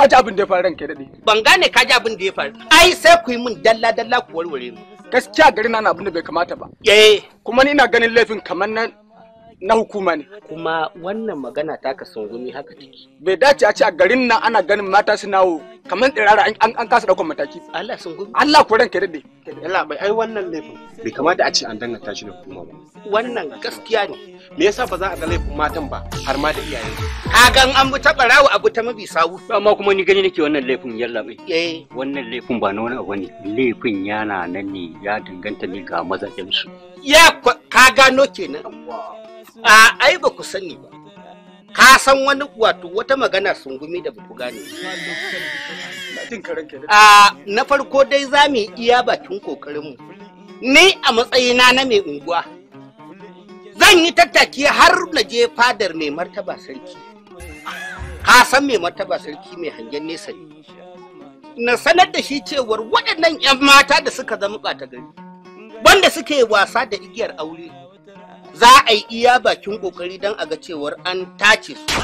ka ji abin da ya faru ranke daɗe. Ban gane ka ji abin da ya faru. Ai sai ku yi min dalla dalla ku warware mu. Gaskiya gari na abin da bai kamata ba. Eh. Kuma ni ina ganin laifin kamar na na hukuma ne. Kuma wannan magana ta ka sungumi haka take. Bai dace a ce a garin nan ana ganin mata suna wo kamar tsirara an an kasa ɗaukar mataki. Allah sungumi. Allah ku ranke daɗe. Allah bai ai wannan laifin bai kamata a ce an danganta shi da hukuma ba. Wannan gaskiya ne. me yasa ba za a ga laifin matan ba har ma da iyaye gan an bi ta barawo abu ta mabi sawu amma kuma ni gani nake wannan laifin yalla mai eh wannan laifin ba na wani abu ne laifin yana nan ne ya danganta ne ga mazajen su ya ka gano kenan a ai ba ku sani ba ka san wani wato wata magana sungumi da ba ku gane a na farko dai za mu iya bakin kokarinmu ni a matsayina na mai unguwa zan yi tattaki har na je fadar mai martaba sarki ka san mai martaba sarki mai hangen nesa ne na sanar da shi cewar waɗannan 'yan mata da suka zama ɓata gari wanda suke wasa da igiyar aure za a yi iya bakin ƙoƙari don a ga cewar an tace su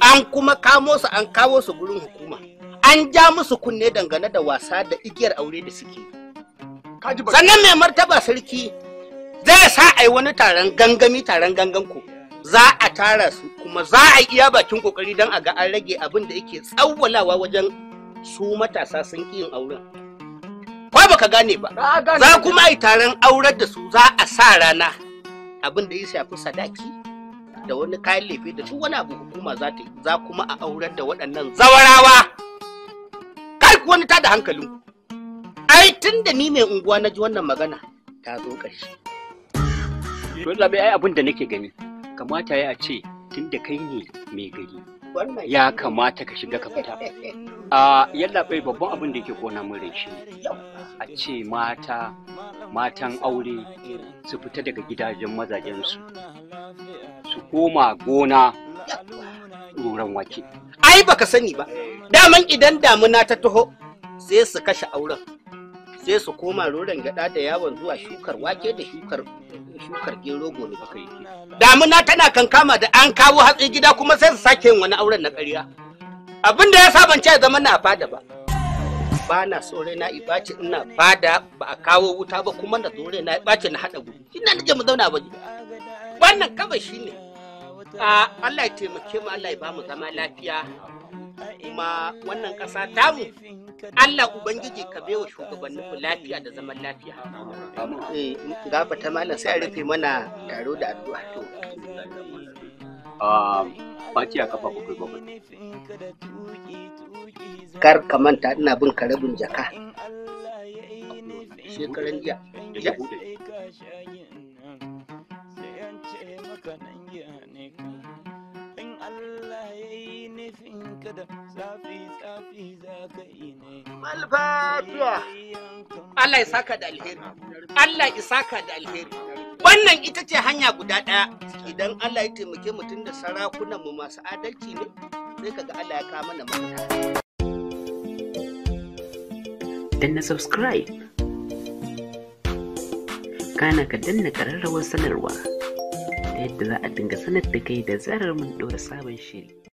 an kuma kamo su an kawo su gurin hukuma an ja musu kunne dangane da wasa da igiyar aure da suke sannan mai martaba sarki za a sa a yi wani taron gangami taron gangan ku za a tara su kuma za a iya bakin kokari don a ga an rage abin da yake tsawalawa wajen su matasa sun ƙi yin auren ko baka gane ba za kuma yi taron aurar da su za a sa rana abin da ya shafi sadaki da wani kayan lefe da su wani abu hukuma za ta yi za kuma a aurar da waɗannan zawarawa kai ku wani tada hankalin ai tun da ni mai unguwa na ji wannan magana ta zo ƙarshe Don zabe ai abin da nake gani kamata ya ce tun da kai ne mai gari ya kamata ka shiga ka fita. A yalla bai babban abin da yake kona mun rai shi a ce mata matan aure su fita daga gidajen su su koma gona ruran wake. Ai baka sani ba, daman idan damuna ta taho sai su kashe auren. sai su koma roron gada da yawon zuwa shukar wake da shukar shukar gero gobe baka yi damuna tana kankama da an kawo hatsi gida kuma sai su sake yin wani auren na ƙarya abin da ya saban ce zama na fada ba ba na so na ibaci ina fada ba a kawo wuta ba kuma na zo na ibaci na hada gudu ina nake mu zauna ba wannan kaba shine a Allah ya taimake mu Allah ya ba zama lafiya kuma wannan ƙasa tamu Allah Ubangiji ka bewa shugabannin ku lafiya da zaman lafiya. Eh gaba ta malam sai a rufe mana taro da addu'a to. Ah, a kafa bakwai bakwai. Kar ka manta ina bin ka jaka. Shekaran jiya. In ya yi nufin ka Allah ya saka da alheri. Allah ya saka da alheri. Wannan ita ce hanya guda ɗaya. Idan Allah ya taimake mutum da sarakunan mu masu adalci ne, sai kaga Allah ya kawo mana mafita. Danna subscribe. Kana ka danna kararrawar sanarwa ta yadda za a dinga sanar da kai da zarar mun ɗora sabon shiri.